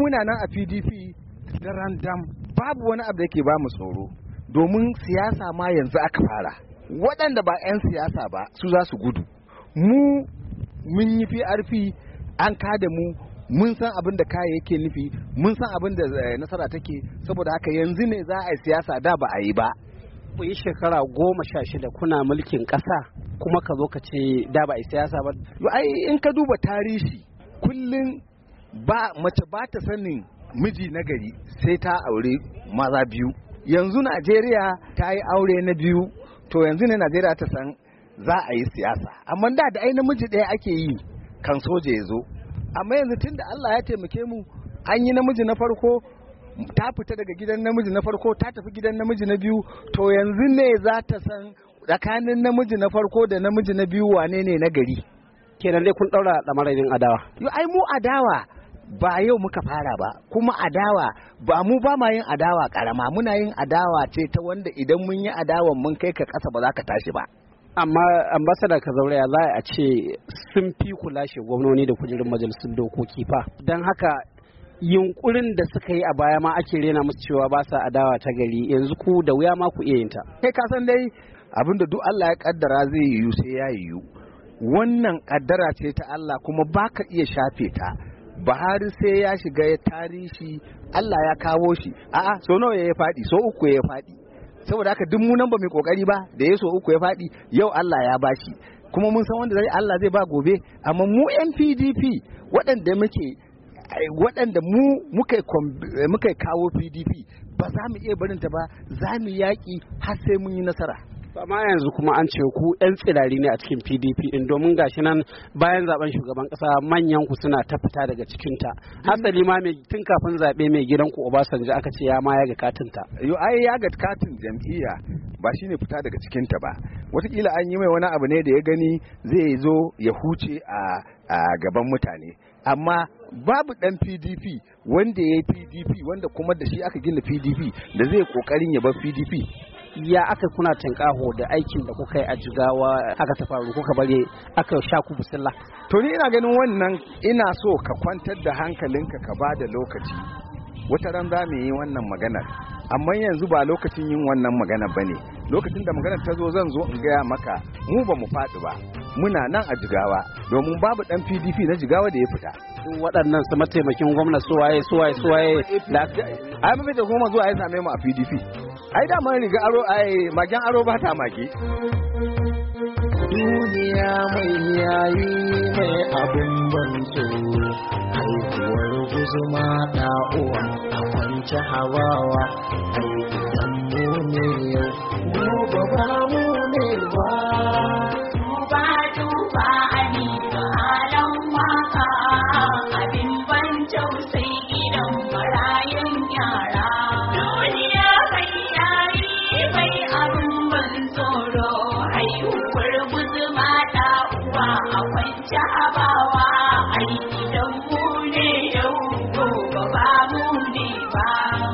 muna nan a pdp da randam babu wani abu da ke ba mu tsoro domin siyasa ma yanzu aka fara waɗanda ba 'yan siyasa ba su za su gudu mu mun yi prp an kada mu mun san abin da kaya yake nufi mun san abin da eh, nasara take saboda haka yanzu ne za a yi siyasa da ba a yi ba ku yi shekara goma sha shida kuna mulkin ƙasa kuma ka zo ka ce da ba a yi siyasa ba ai in ka duba tarihi kullum ba mace ba ta sanin miji na gari sai ta aure maza biyu yanzu najeriya ta yi aure na biyu to yanzu ne najeriya ta san za a yi siyasa amma da da ai miji ɗaya ake yi kan soja ya zo amma yanzu tun da allah ya taimake mu an yi namiji na farko ta fita daga gidan namiji na farko ta tafi gidan namiji na biyu to yanzu ne za ta san tsakanin namiji na farko da namiji na biyu wane ne na gari kenan dai kun daura lamarin adawa yo ai mu adawa ba yau muka fara ba kuma adawa ba mu ba ma yin adawa karama muna yin adawa ce ta wanda idan mun yi adawa mun kai ka kasa ba za ka tashi ba amma ambasada ka za a ce sun fi kula shi gwamnoni da kujerun majalisun dokoki fa don haka yunkurin da suka yi a baya ma ake rena musu cewa ba sa adawa ta gari yanzu ku da wuya ma ku iya yin ta ka san dai abin da duk Allah ya kaddara zai yiwu sai ya yiwu wannan kaddara ce ta Allah kuma baka iya shafe ta Buhari sai ya shiga ya shi Allah ya kawo shi a'a so nawa ya faɗi so uku ya faɗi saboda haka duk mu nan ba mai kokari ba da ya so uku ya faɗi yau Allah ya bashi kuma mun san wanda zai Allah zai ba gobe amma mu yan PDP waɗanda muke waɗanda mu muka kawo pdp ba za mu iya barinta ba za mu yaƙi har sai mun yi nasara amma yanzu kuma an ce ku yan tsirari ne a cikin pdp in domin gashi nan bayan zaben shugaban kasa manyan ku suna ta fita daga cikin ta hasali ma mai tun kafin zabe mai gidan ku obasanjo aka ce ya ma ya ga katin ta yo ai ya ga katin jam'iyya ba shine fita daga cikin ta ba watakila an yi mai wani abu ne da ya gani zai zo ya huce a gaban mutane amma babu dan pdp wanda ya yi pdp wanda kuma da shi aka gina pdp da zai kokarin ya bar pdp ya aka kuna tinkaho da aikin da kuka yi a jigawa aka ta faru kuka bari aka sha ku busilla to ni ina ganin wannan ina so ka kwantar da hankalinka ka ba da lokaci wata ran za mu yi wannan maganar amma yanzu ba lokacin yin wannan magana ba ne lokacin da maganar ta zo zan zo in gaya maka mu ba mu faɗi ba muna nan a jigawa domin babu dan pdp na jigawa da ya fita waɗannan su mataimakin gwamna suwaye suwaye suwaye da ai mafi da goma zuwa ya same mu a pdp ai da man riga aro ai magen aro ba ta maki duniya mai yayi mai abin banto haihuwar guzuma da uwa a kwanci hawawa akwai jabawa ai idan mu ne yau gobe ba mu ne ba